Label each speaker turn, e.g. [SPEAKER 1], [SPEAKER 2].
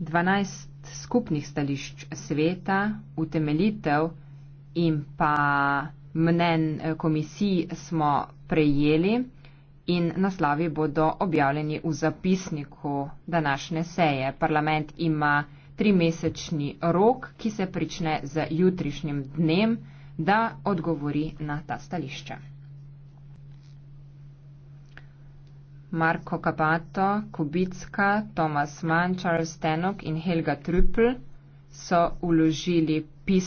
[SPEAKER 1] 12 skupnih stališč sveta, utemeljitev in pa mnen eh, komisij smo prejeli in naslovi bodo objavljeni v zapisniku današnje seje. Parlament ima trimesečni rok, ki se prične z jutrišnjim dnem, da odgovori na ta stališča. Marko Kapato, Kubicka, Tomas Mančar, Stenok in Helga Trüpl so vložili pismo.